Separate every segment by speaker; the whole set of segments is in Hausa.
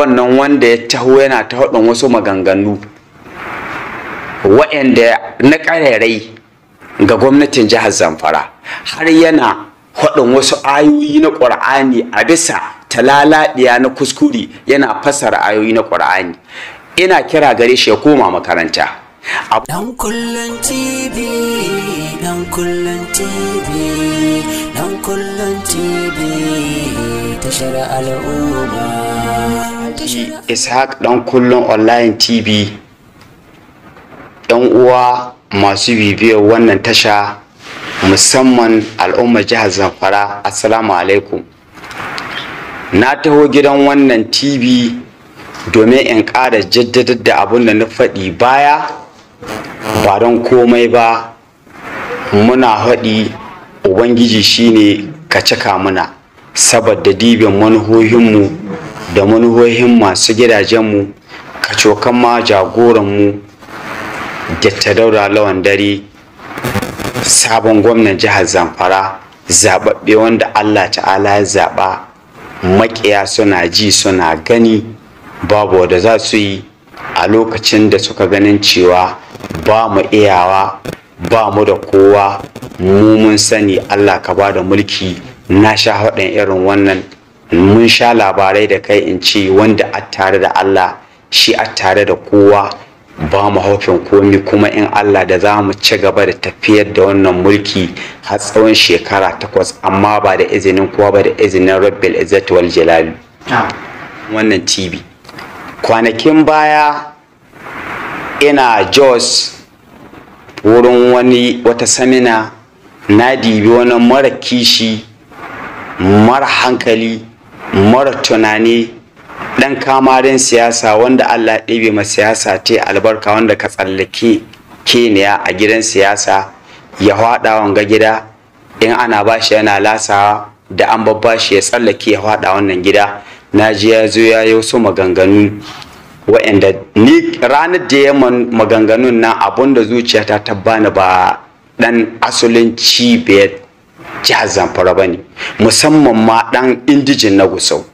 Speaker 1: wannan wanda ya taho yana ta haɗin wasu maganganu waɗanda na ƙararai ga gwamnatin jihar zamfara har yana haɗin wasu ayoyi na ƙur'ani a bisa talalaɗiya na kuskure yana fasara ayoyi na ƙur'ani ina kira gare shi ya koma makaranta dan kullun tv dan kullun tv kullum TV tashar al'umma. Ishaq ɗan kullum online TV ‘yan uwa masu bibiyar wannan tasha musamman al'ummar jihar Zamfara Assalamu alaikum. Na taho gidan wannan TV domin in ƙara jaddadar da abin da na faɗi baya ba don komai ba muna haɗi ubangiji shine ka cika muna saboda dibin manuhohinmu da manuhohin masu gidajenmu ka cokan ma jagoranmu da ta daura lawan dare sabon gwamnan jihar zamfara zaɓaɓɓe wanda allah ta'ala ya zaɓa maƙiya suna ji suna gani babu da za su yi a lokacin da suka ganin cewa ba mu iyawa ba mu da kowa mu mun sani Allah ka ba da mulki na sha haɗin irin wannan mun sha labarai da kai in ce wanda a tare da Allah shi a tare da kowa ba mu haufin komi kuma in Allah da za mu ci gaba da tafiyar da wannan mulki har tsawon shekara takwas amma ba da izinin kowa ba da izinin rabbil izzati wal jalali wannan tv kwanakin baya ina jos wurin wani wata samina na dibi wani mara kishi mara hankali mara tunani ɗan kamarin siyasa wanda allah ɗebe ma siyasa ta albarka wanda ka tsallake keniya a gidan siyasa ya haɗa wanga gida in ana bashi yana lasawa da an babba shi ya tsallake ya haɗa wannan gida na ji ya zo ya yi wasu maganganu wa'anda ni ranar da ya maganganun nan abinda zuciyata ta bani ba ɗan asalin cibiyar jihar zamfara ba ne musamman ma 'dan indijin na gusau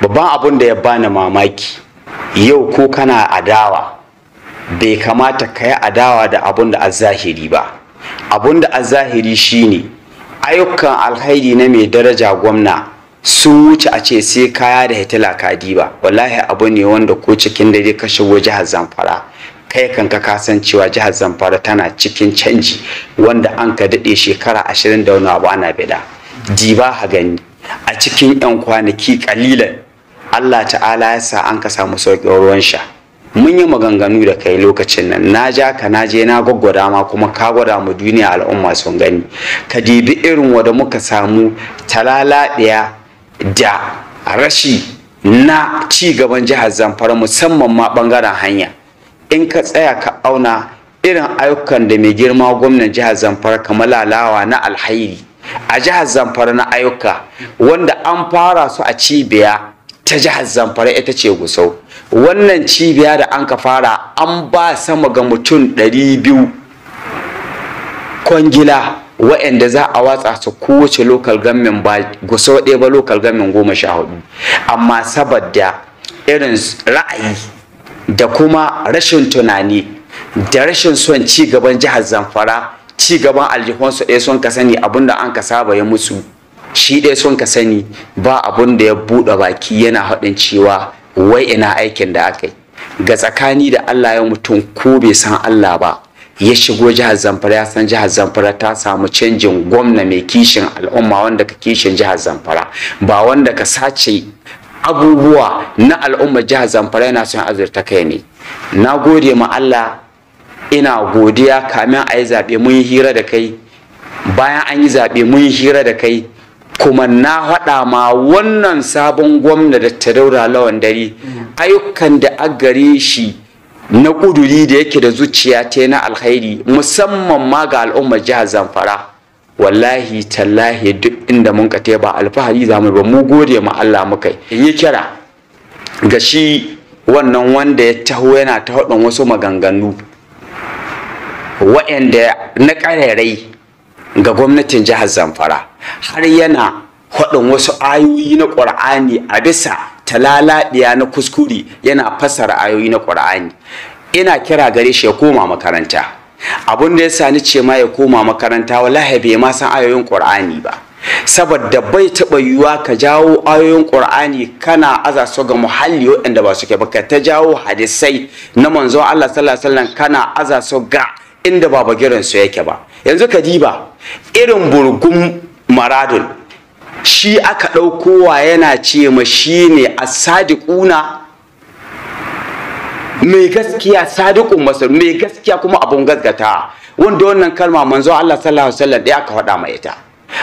Speaker 1: babban abun da ya bani mamaki yau ko kana adawa bai kamata ka yi adawa da abun da azahiri ba Abun da azahiri shine ayyukan alhairi na mai daraja gwamna sun wuce a ce sai kaya da hitila kadi ba wallahi abu ne wanda ko cikin dare kashe wajen jihar zamfara kai kanka cewa jihar zamfara tana cikin canji wanda an ka daɗe shekara ashirin da wani abu ana bida diba ha gani a cikin 'yan kwanaki kalilan allah ta'ala ya sa an ka samu sauƙin ruwan sha mun yi maganganu da kai lokacin nan na ja ka na je na gwaggwada ma kuma ka gwada mu duniya al'umma sun gani ka dibi irin wanda muka samu talala ɗaya da rashi na ci gaban jihar zamfara musamman ma ɓangaren hanya in ka tsaya ka auna irin ayyukan da mai girma gwamnan jihar zamfara kamar lalawa na alhairi a jihar zamfara na ayyuka wanda an fara su a cibiya ta jihar zamfara ita ce gusau wannan cibiya da an ka fara an ba sama ga mutum 200 kwangila waɗanda za a watsa su kowace local gamin ba gusau ɗaya ba lokal gamin goma sha hudu amma saboda irin ra'ayi da kuma rashin tunani da rashin son ci gaban jihar zamfara ci gaban aljihunsu ɗaya sun ka sani abin da an ka saba ya musu shi ɗaya sun ka sani ba abin da ya buɗe baki yana haɗin cewa wai ina aikin da aka yi ga tsakani da allah ya mutum ko bai san allah ba ya shigo jihar zamfara ya san jihar zamfara ta samu canjin gwamna mai kishin al'umma wanda ka kishin jihar zamfara ba wanda ka sace abubuwa na al'umma jihar zamfara yana son azurta kai ne na gode ma Allah ina godiya kamin a yi zaɓe mun yi hira da kai bayan an yi zaɓe mun yi hira da kai kuma na haɗa ma wannan sabon gwamna da ta daura lawan dare ayyukan da a gare shi na ƙuduri da yake da zuciya ta na alhairi musamman ma ga al'ummar jihar zamfara wallahi tallahi duk inda mun ka ba alfahari za mu ba mu gode ma Allah muka in yi kira ga shi wannan wanda ya taho yana ta haɗin wasu maganganu wa'anda na ƙararai ga gwamnatin jihar zamfara har yana haɗin wasu ayoyi na ƙur'ani a bisa talalaɗiya na kuskure yana fassara ayoyi na ƙur'ani ina kira gare shi ya koma makaranta abun da ya sani ce ma ya koma makaranta wallahi bai ma san ayoyin qur'ani ba saboda bai taɓa yiwuwa ka jawo ayoyin qur'ani kana aza so ga muhalli waɗanda ba su ke ba ka ta jawo hadisai na manzo Allah sallallahu alaihi wasallam kana aza so ga inda baba bagiran su yake ba yanzu ka diba irin burgun maradun shi aka wa yana ce ma shine ne asadiquna mai gaskiya sadiqun masar mai gaskiya kuma abun gaskata wanda wannan kalma manzo Allah sallallahu alaihi wasallam ɗaya aka faɗa mai ita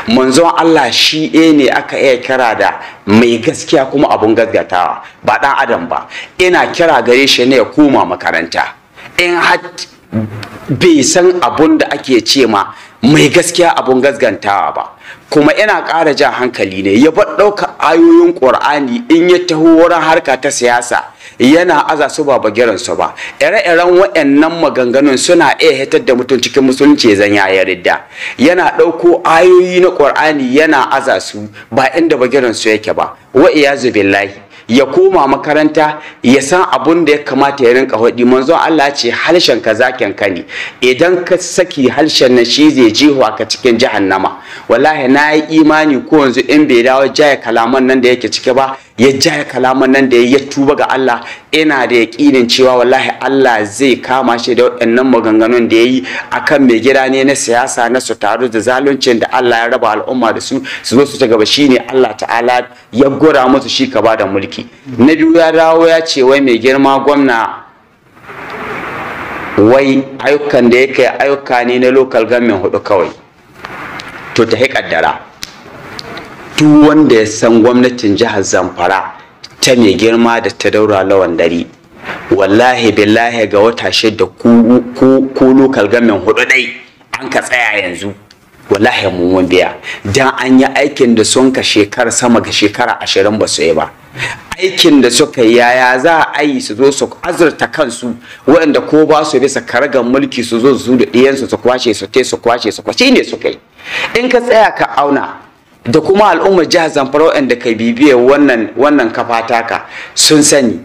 Speaker 1: manzon Allah shi ne aka iya kira da mai gaskiya kuma abun gaskata ba ɗan adam ba ina kira gare shi ne ya koma makaranta in har bai san abun da ake ce ma mai gaskiya abun gaskantawa ba kuma ina ƙara jan hankali ne ya bar ɗaukar ayoyin ƙur'ani in ya taho wurin harka ta siyasa yana aza su ba bagiransu ba ire-iren waɗannan maganganun suna iya hitar da mutum cikin musulunci zan ya yarda yana ɗauko ayoyi na ƙur'ani yana aza su ba inda bagiransu yake ba wa iyazu billahi ya koma makaranta ya san abun da ya kamata ya rinka faɗi manzon Allah ce harshen ka zaken ka ne idan ka saki harshen na shi zai jihwa ka cikin jahannama wallahi na yi imani ko yanzu in bai dawo jaya kalaman nan da yake cike ba ya jaya kalaman nan da ya tuba ga Allah ina da yaƙinin cewa wallahi Allah zai kama shi da waɗannan maganganun da ya yi akan mai gida ne na siyasa na su taru da zaluncin da Allah ya raba al'umma da su su zo su ci gaba shi ne Allah ta'ala ya gora musu shi ka ba da mulki na biyu ya dawo ya ce wai mai girma gwamna wai ayyukan da ya kai ayyuka ne na lokal government hudu kawai to ta haƙaddara duk wanda ya san gwamnatin jihar zamfara ta mai girma da ta daura lawan dare wallahi billahi ga wata shida ko lokal gamin hudu dai an ka tsaya yanzu wallahi mun biya dan an yi aikin da sun ka shekara sama ga shekara ashirin ba su yi ba aikin da suka yi yaya za a ayi su zo su azurta kansu waɗanda ko ba su bisa karagar mulki su zo su da ɗiyansu su kwashe su te su kwashe su kwashe ne su kai in ka tsaya ka auna da kuma al'ummar jihar zamfara waɗanda ka bibiya wannan wannan kafa sun sani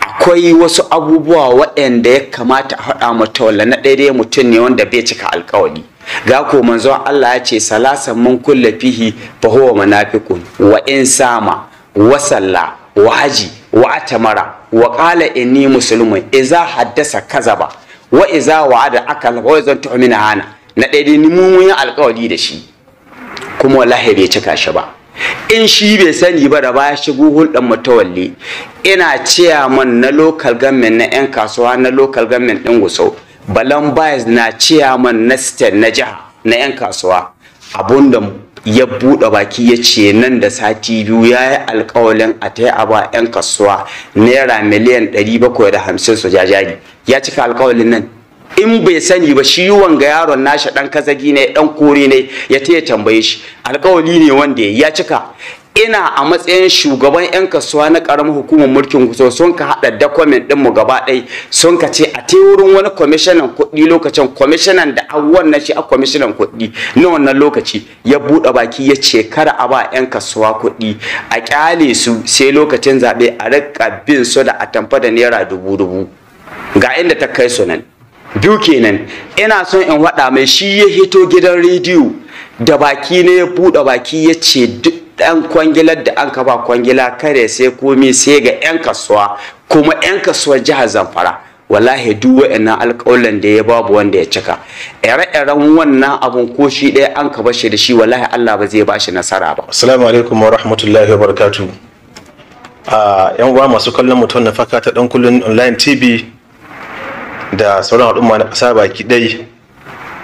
Speaker 1: akwai wasu abubuwa waɗanda ya kamata a haɗa mata na ɗaya mutum ne wanda bai cika alkawari ga ko manzon Allah ya ce salasan mun kulla fihi fa huwa munafiqun wa in sama wa salla wa haji wa atamara wa qala inni muslimun idza haddasa kazaba wa idza wa'ada akal wa idza tu'mina ana na ɗaya ne mun yi alkawari da shi kuma wallahi bai cika shi ba in shi bai sani ba da ba baya shigo hulɗar mutawalli ina ciyaman na local government na 'yan kasuwa na local government ɗin gusau balan bias na man na state na jiha na 'yan kasuwa abun da ya buɗe baki ya ce nan da sati biyu ya yi alkawalin a ta a ba 'yan kasuwa naira miliyan 750 su jajari ya cika alkawalin nan in bai sani ba shi wanga yaron nashi ɗan kazagi ne ɗan kore ne ya ya tambaye shi alkawali ne wanda ya cika ina a matsayin shugaban 'yan kasuwa na ƙaramin hukumar mulkin kusa, sun ka haɗa ɗin mu gaba ɗai sun ka ce a te wurin wani kwamishinan kuɗi lokacin kwamishinan da an wannan shi a kwamishinan kuɗi na wannan lokaci ya buɗe baki ya ce kar a ba 'yan kasuwa kuɗi a kyale su sai lokacin zaɓe a rika bin su da a tamfa da naira dubu dubu ga inda ta kai su nan biyu kenan ina son in waɗa mai shi ya hito gidan rediyo da baki ne ya buɗe baki ya ce duk ɗan kwangilar da an kaba kwangila kare sai komi sai ga 'yan kasuwa kuma 'yan kasuwar jihar zamfara wallahi duk wa'annan alƙawalan da ya babu wanda ya cika ire-iren wannan abun ko shi ɗaya an ka shi da shi wallahi Allah ba zai ba shi nasara ba
Speaker 2: assalamu alaikum wa rahmatullahi wa barakatuh a ah, yan uwa masu kallon mutum na faka ta dan kullun online tv da sauran al'umma na ƙasa baki ɗai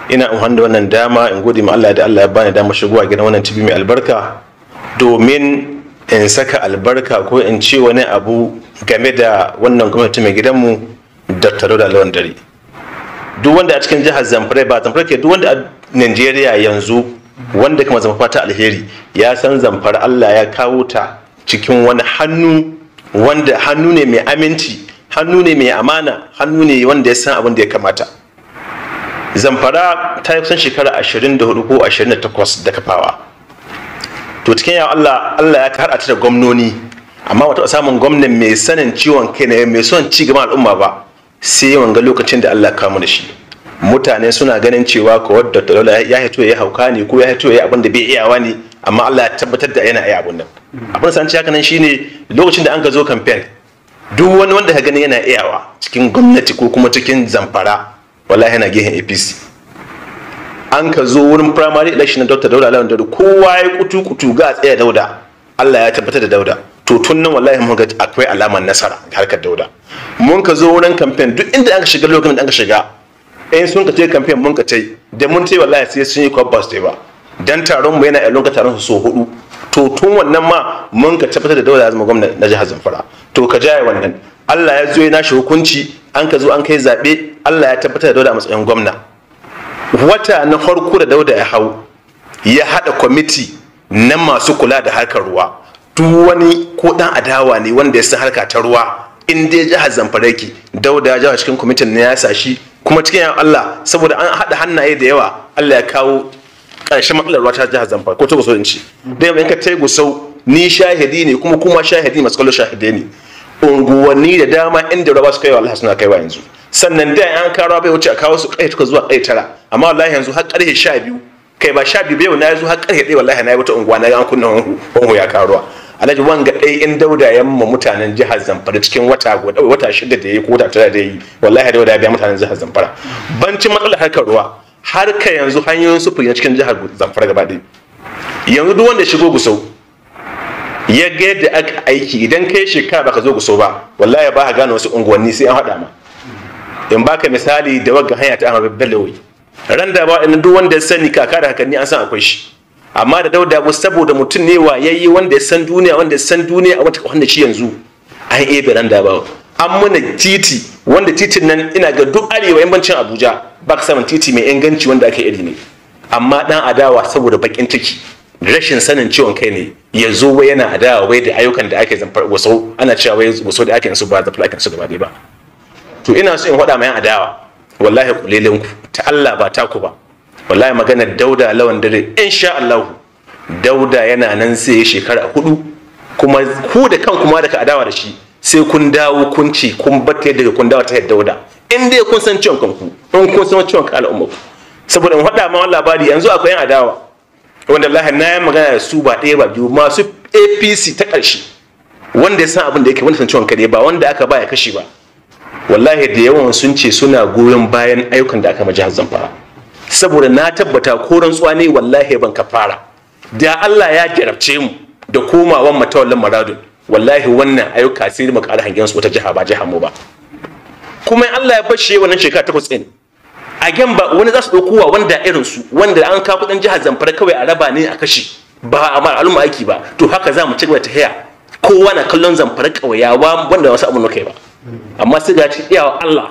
Speaker 2: ina amfani da wannan dama in gode ma Allah da Allah ya bani dama shigowa gidan wannan tibi mai albarka domin in saka albarka ko in ce wani abu game da wannan gwamnati mai gidanmu Dr. Dauda Lawan Dare duk wanda a cikin jihar Zamfara ba Zamfara ke duk wanda a Najeriya yanzu wanda kuma zamfara ta alheri ya san zamfara Allah ya kawo ta cikin wani hannu wanda hannu ne mai aminci hannu ne mai amana hannu ne wanda ya san abin da ya kamata zamfara ta yi kusan shekara 24 ko 28 da kafawa to cikin yawon Allah Allah ya kar ta da gwamnoni amma wata samun gwamnan mai sanin ciwon kai na mai son ci gaban al'umma ba sai wanga lokacin da Allah kamu da shi mutane suna ganin cewa ko wadda dole ya hito ya hauka ne ko ya hito ya abin da bai iyawa ne amma Allah ya tabbatar da yana iya abin nan abin san ci haka nan shine lokacin da an ka zo kamfen. duk wani wanda ka gani yana iyawa cikin gwamnati ko kuma cikin zamfara wallahi yana gehen apc an ka zo wurin primary election na dr dauda alawan dauda kowa ya kutu kutu ga tsaya dauda allah ya tabbatar da dauda to tun nan wallahi mun ga akwai alamar nasara ga harkar dauda mun ka zo wurin campaign duk inda aka shiga lokacin da aka shiga in sun ka ce campaign mun ka ce da mun tai wallahi sai sun yi kwabbas su ba dan taron mu yana a lokacin taron su so hudu to tun wannan ma mun ka tabbatar da dole zama gwamna na jihar zamfara to ka jaye wannan allah ya zo ya nashi hukunci an ka zo an kai zaɓe allah ya tabbatar da dole a matsayin gwamna wata na farko da dauda ya hau ya haɗa kwamiti na masu kula da harkar ruwa duk wani ko dan adawa ne wanda ya san harka ta ruwa in dai jihar zamfara yake dauda jawo cikin kwamitin na ya sashi kuma cikin yan allah saboda an haɗa hannaye da yawa allah ya kawo ƙarshen matsalar ruwa ta jihar Zamfara ko ta Sojanci. in da yamma yanka Tegu sau Gusau ni shahidi ne kuma kuma shahidi masu kallo shahide ne unguwanni da dama inda ruwa su kai wa Allah suna kai wa yanzu sannan da an karawa bai wuce a kawo su kai tuka zuwa kai tara amma wallahi yanzu har ƙarfe sha biyu kai ba sha biyu bai na yanzu har ƙarfe ɗaya wallahi na yi wata unguwa na yi an kunna hunhu ya karuwa alhaji wanga ɗaya in dauda ya mutanen jihar zamfara cikin wata wata shida da ya yi ko wata tara da ya yi wallahi dauda ya biya mutanen jihar zamfara bancin matsalar harkar ruwa har ka yanzu hanyoyin sufuri na cikin jihar zamfara gaba ɗaya yanzu duk wanda shigo gusau ya ga yadda aka aiki idan kai shekara baka zo gusau ba wallahi ba ka gane wasu unguwanni sai an haɗa ma in baka misali da wagga hanya ta amma wai ran da ba duk wanda ya sani kaka da hakanni an san akwai shi amma da dauda dabu saboda mutum ne wa yayi wanda ya san duniya wanda ya san duniya a wata wanda shi yanzu an ebe ran da ba an mana titi wanda titin nan ina ga duk arewa yammacin abuja ba ka samun titi mai inganci wanda aka iri ne amma dan adawa saboda bakin ciki rashin sanin ciwon kai ne ya zo wai yana adawa wai da ayyukan da ake zamfar wasu ana cewa wai wasu da ake su ba zafi ake su gaba ba to ina so in faɗa mai adawa wallahi kulelen ku ta Allah ba taku ba wallahi magana dauda lawan dare insha Allah dauda yana nan sai shekara hudu kuma ku da kanku ma da ka adawa da shi sai kun dawo kun ci kun batta yadda kun dawo ta yadda wuda in dai kun san ciwon kanku in kun san ciwon kan al'umma saboda in faɗa ma wani labari yanzu akwai yan adawa wanda lahi na yi magana da su ba ɗaya ba biyu masu apc ta ƙarshe wanda ya san abin da yake wanda san ciwon kare ba wanda aka ba ya kashi ba wallahi da yawan sun ce suna goyon bayan ayyukan da aka ma jihar zamfara saboda na tabbata ko rantsuwa ne wallahi ban ka fara da Allah ya jarabce mu da komawan matawallan maradun wallahi wannan ayyuka sai mu ƙara hangen su wata jiha ba jiha mu ba kuma in Allah ya fashe wannan shekara takwas ɗin a gyan ba wani za su wa wanda irin su wanda an ka kuɗin jihar zamfara kawai a raba ne a kashe ba a mara al'umma aiki ba to haka za mu ci gaba ta haya kowa na kallon zamfara ƙauyawa wanda wasu abin kai ba amma sai ga cikin iyawa Allah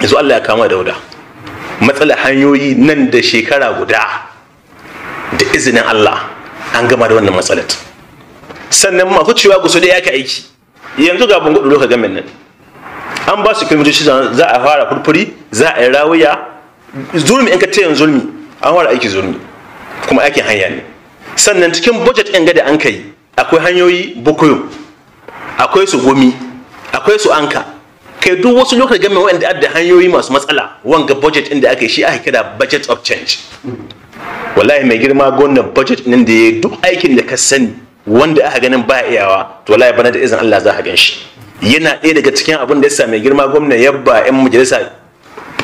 Speaker 2: yanzu Allah ya kama dauda matsala hanyoyi nan da shekara guda da izinin Allah an gama da wannan matsalar sannan masu cewa gusu da yaka aiki yanzu ga bungudu loka gamin nan an ba su kilomitoci za a fara furfuri za a yi rawuya zulmi in ka ce zulmi an fara aiki zulmi kuma aikin hanya ne sannan cikin budget ɗin gada an kai akwai hanyoyi bukoyo akwai su gumi akwai su anka kai duk wasu lokacin gamin wa'anda adda hanyoyi masu matsala wanga budget ɗin da aka yi shi aka kira budget of change wallahi mai girma gona budget ɗin da ya duk aikin da ka sani wanda aka ganin ba iyawa to wallahi bana da izin Allah za ka gan yana ɗaya daga cikin abin da ya mai girma gwamna ba yan majalisa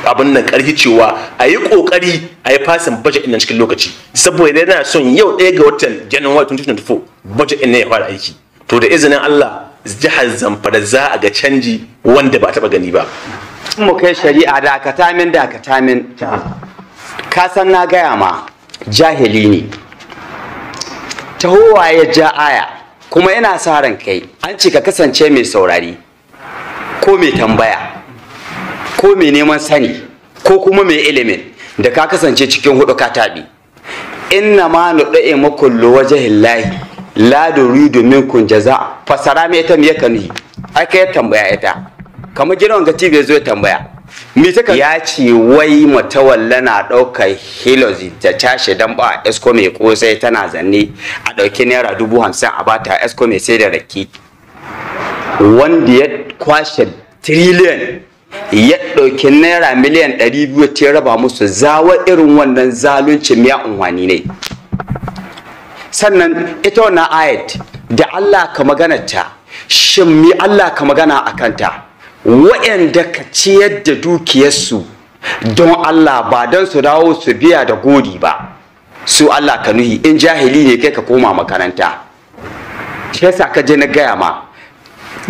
Speaker 2: abin nan karfi cewa a yi ƙoƙari a yi fasin budget ɗin cikin lokaci saboda yana son yau ɗaya ga watan january 2024 budget ɗin ya fara aiki to da izinin allah jihar zamfara za
Speaker 1: a ga canji wanda ba taɓa gani ba mu kai shari'a da min da min ka san na gaya ma jahili ne tahowa ya ja aya kuma yana sa ran kai an ce ka kasance mai saurari ko mai tambaya ko mai neman sani ko kuma mai ilimin da ka kasance cikin hudu ka taɓi inna ma nuɗe makullu hillahi lahi la domin kun jaza fasara mai ita me yake nuhi aka ya tambaya ita kamar gidan ga tv zo ya tambaya ya ce wai matawalla na ɗaukar hilozi ta cashe dan ba esko mai kosai tana zanne a ɗauki naira dubu hamsin a bata esko mai sai da rake wanda ya kwashe triliyan ya ɗauki naira miliyan ɗari biyu ta raba musu zawa irin wannan zaluncin miya unwani ne sannan ita wannan ayat da Allah ka magana ta shin mi Allah ka magana a kanta wa'yanda ka ciyar da dukiyarsu don Allah ba don su dawo su biya da godi ba su Allah ka nuhi in jahili ne kai ka koma makaranta shi yasa ka je na gaya ma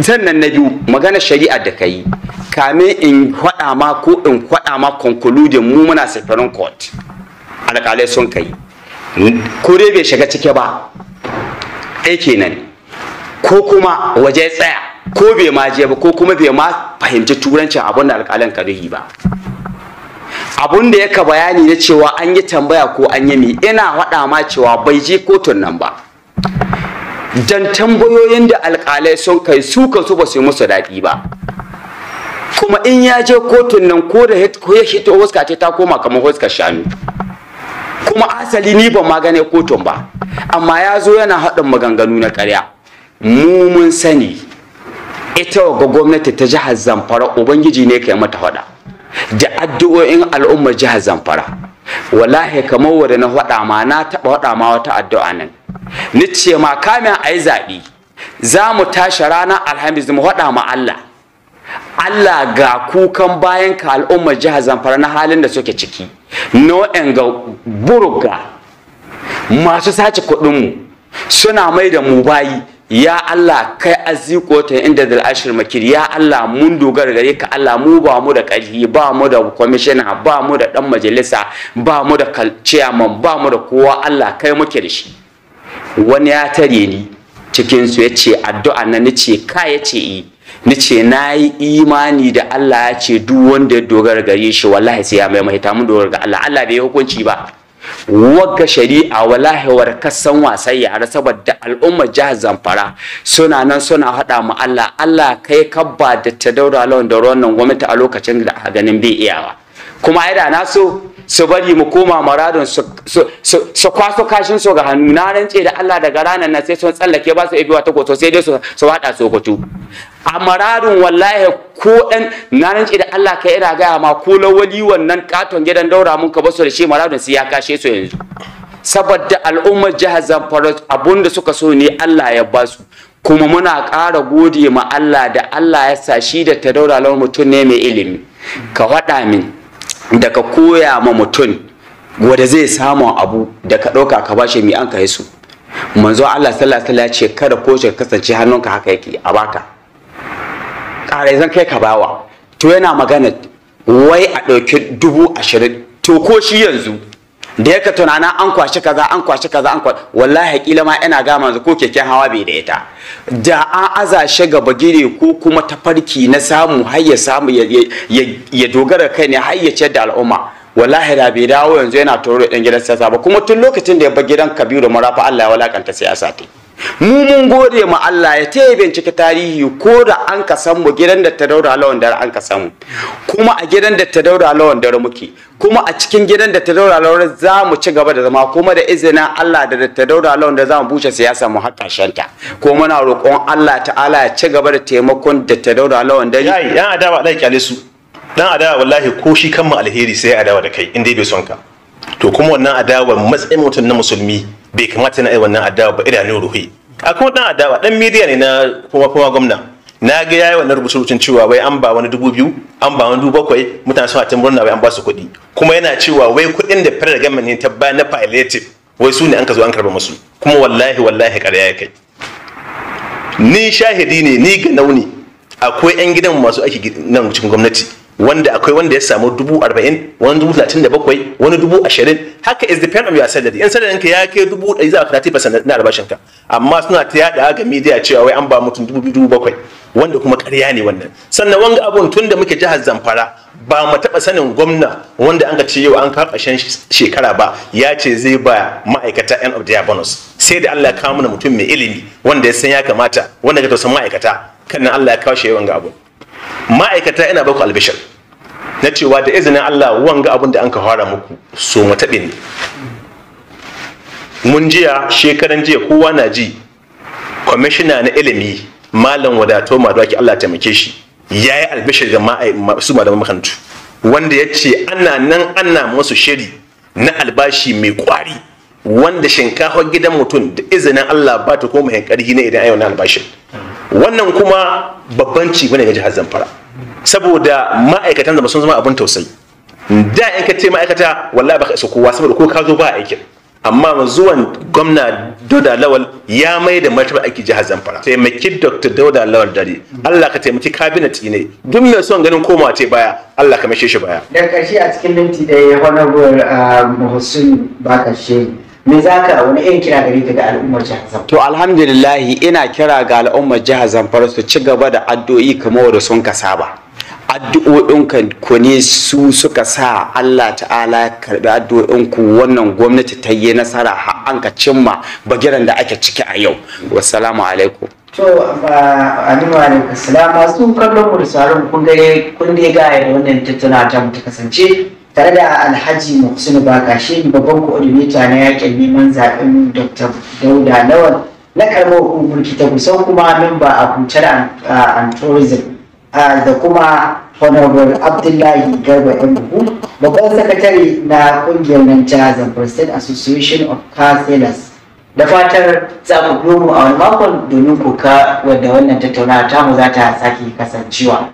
Speaker 1: sannan na biyu magana shari'a da ka yi kamin in faɗa ma ko in faɗa ma concluding mu muna seferin court alƙalai sun kai ko dai bai shiga cike ba Ai kenan ko kuma waje tsaya ko bai ma je ba ko kuma bai ma fahimci turancin abin da alƙalan karihi ba abun da yaka bayani na cewa an yi tambaya ko an yi mi ina faɗa ma cewa bai je kotun nan ba dan tambayoyin da alƙalai sun kai su kansu ba su yi musu daɗi ba kuma in ya je kotun nan ko da ya hito huska ce ta koma kamar huskar shanu kuma asali ni ban ma kotun ba amma ya zo yana haɗin maganganu na ƙarya mu mun sani ita ga gwamnati ta jihar zamfara ubangiji ne kai mata faɗa da addu'o'in al'ummar jihar zamfara wallahi kamar wadda na faɗa ma na taɓa faɗa ma wata addu'a nan ni ce ma kamin a yi zaɓi za mu tashi rana alhamis mu faɗa ma allah allah ga kukan bayan ka al'ummar jihar zamfara na halin da suke ciki nau'in ga buruga masu sace kuɗinmu suna mai da mu bayi ya Allah kai aziko ta inda da ashir makir ya Allah mun dogara gare ka Allah mu ba mu da ƙarfi ba mu da kwamishina ba mu da dan majalisa ba mu da chairman ba mu da kowa Allah kai muke da shi wani ya tare ni cikin su yace addu'a eh. na nace ka yace yi nace nayi imani da Allah ya ce duk wanda ya dogara gare shi wallahi sai ya mai mahita mun dogara ga Allah Allah bai hukunci ba wagga shari'a wallahi warkar san wasan yara saboda al'ummar jihar zamfara suna nan suna haɗa mu Allah Allah kai kabba da ta daura lawan da wannan gwamnati a lokacin da a ganin bai iyawa kuma ai da na so su bari mu koma maradon su kwaso kashin su ga hannu na rance da Allah daga ranar nan sai sun tsallake ba su ibiwa ta goto sai dai su wada su goto a maradin wallahi ko dan na rance da Allah kai ira gaya ma ko lawali wannan katon gidan daura mun ka su da shi maradin su ya kashe su yanzu saboda al'ummar jihar Zamfara abunda suka so ne Allah ya basu kuma muna ƙara gode ma Allah da Allah ya sashi da ta daura lawan mutum ne mai ilimi ka wada min da koya ma mutum wanda zai samu abu da ka ɗauka ka bashi mai an kai su manzo Allah sallallahu alaihi wasallam ce kada ko ce kasance hannunka haka yake a baka ƙarai zan kai ka bawa to yana magana wai a ɗauki dubu ashirin to ko shi yanzu da yaka tunana an kwashi kaza an kwashi kaza an kwashi wallahi kila ma ina ga yanzu ko keken hawa bai da ita da an azashe shi ga bagire ko kuma tafarki na samu har ya samu ya dogara kai ne har ya ce da al'umma wallahi da bai dawo yanzu yana toro da dan gidan siyasa ba kuma tun lokacin da ya bar gidan Kabiru Marafa Allah ya walakanta siyasa ta mu mun gode ma Allah ya taya bincike tarihi ko da an ka san mu gidan da ta daura lawan dare an ka san mu kuma a gidan da ta daura lawan dare muke kuma a cikin gidan da ta daura lawan za mu ci gaba da zama kuma da izinin Allah da ta daura lawan da za mu bushe siyasa mu haƙa shanta ko muna roƙon Allah ta'ala ya ci gaba da taimakon da ta daura lawan dare yayi dan adawa dai kyale su dan adawa wallahi ko shi kan mu alheri sai adawa da
Speaker 2: kai in dai bai son ka to kuma wannan adawar matsayin mutum na musulmi bai kamata na yi wannan adawa ba idanun ruhi a kuma dan adawa dan midiya ne na kuma kuma gwamna na ga yayi wannan rubutu rubutun cewa wai an ba wani dubu biyu an ba wani dubu bakwai mutane suna ta murna wai an ba su kuɗi kuma yana cewa wai kuɗin da fara gama ne ta ba na palliative wai su ne an ka zo an karba masu. kuma wallahi wallahi ƙarya ya kai ni shahidi ne ni ga nauni akwai 'yan gidan masu aiki nan cikin gwamnati wanda akwai wanda ya samu dubu arba'in wani dubu talatin da bakwai wani dubu ashirin haka is depend on your salary in salary ka ya ke dubu ɗari za a thirty sanar na albashin ka amma suna ta yada ga media cewa wai an ba mutum dubu biyu dubu bakwai wanda kuma ƙarya ne wannan sannan wanga abun tun da muke jihar zamfara ba mu taɓa sanin gwamna wanda an ka ce yau an kawo ƙarshen shekara ba ya ce zai ba ma'aikata end of the year bonus sai da Allah ya kawo mana mutum mai ilimi wanda ya san ya kamata wanda ka tausan ma'aikata kan Allah ya kawo shi yawan ga abun ma'aikata ina baku albishir na cewa da izinin Allah wanga abin da an ka fara muku so mataɓe ne mun jiya shekaran jiya kowa na ji kwamishina na ilimi malam wadato madawaki Allah taimake shi ya yi albishir ga masu malamin makarantu wanda ya ce ana nan ana masu shiri na albashi mai kwari wanda shinkafar gidan mutum da izinin Allah ba ta koma hankali na ne idan na albashin wannan kuma babban ci bane ga jihar zamfara saboda ma'aikatan zama sun zama abin tausayi da in ka ce ma'aikata wallahi baka isa kowa saboda ko ka zo ba aikin amma zuwan gwamna dauda lawal ya mai da martaba aiki jihar zamfara taimaki dr dauda lawal dare allah ka taimaki kabinet ne duk mai son ganin koma ce baya allah ka mashe shi baya
Speaker 1: da karshe a cikin minti da ya wani ba karshe me za ka wani irin kira gare daga ga al'ummar jihar zamfara to alhamdulillah ina kira ga al'ummar jihar zamfara su ci gaba da addu'o'i kamar da sun ka saba Addu'o'inka ku ne su suka sa Allah ta'ala ya karbi addu'o'inku wannan gwamnati ta yi nasara har an ka cimma bagiran da ake ciki a yau wassalamu alaikum to nuna alaikum salama su kallon mu da sauran kun ga kun dai ga wannan tattauna ta mu ta kasance tare da alhaji muhsinu baka ne babban coordinator na yakin neman zaɓen dr dauda lawal na karɓar hukumar ta kusan kuma memba a kuntar and tourism da kuma honorable abdullahi garba yan buhu babban sakatare na ƙungiyar nan ta zamfara state association of car sailors da fatar za a wani makon domin kuka wadda wannan tattaunawa tamu za ta sake kasancewa